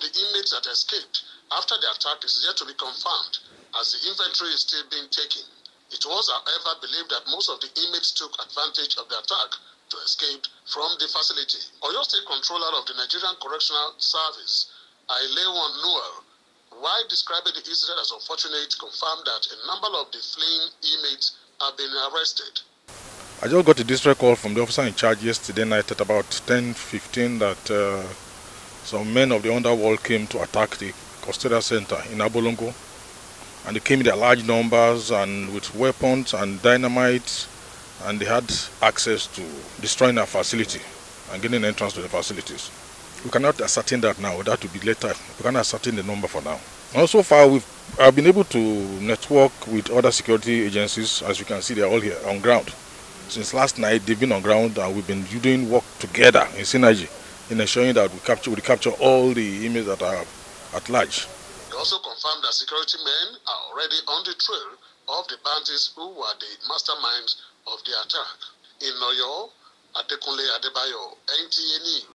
the inmates that escaped after the attack is yet to be confirmed, as the inventory is still being taken. It was, however, believed that most of the inmates took advantage of the attack to escape from the facility. Oyo State Controller of the Nigerian Correctional Service, Ailewon Noel, while describing the incident as unfortunate, confirmed that a number of the fleeing inmates have been arrested. I just got a distress call from the officer in charge yesterday night at about 10.15 that uh, some men of the underworld came to attack the Costera Center in Abolongo. And they came in their large numbers and with weapons and dynamite. And they had access to destroying our facility and getting entrance to the facilities. We cannot ascertain that now. That will be later. We cannot ascertain the number for now. Now, so far, we've I've been able to network with other security agencies. As you can see, they're all here on ground. Since last night, they've been on ground and we've been doing work together in synergy. in ensuring that we capture, we capture all the emails that are at large. He also confirmed that security men are already on the trail of the bandits who were the masterminds of the attack. In Noyo, Adekunle Adebayo, NTA News.